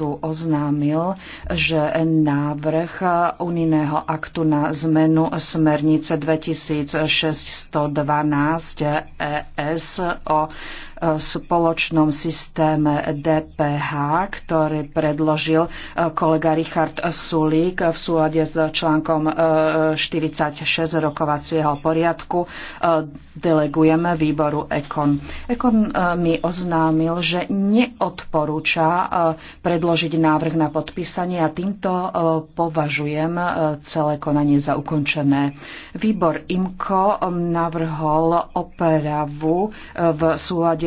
tu oznámil, že návrh unijného aktu na zmenu smernice 2612 ES o spoločnom systéme DPH, ktorý predložil e, kolega Richard Sulík v súlade s článkom 46 e, rokovacieho poriadku. E, delegujeme výboru EKON. EKON mi oznámil, že neodporúča predložiť návrh na podpísanie a týmto považujem celé konanie za ukončené. Výbor IMKO navrhol operavu v súlade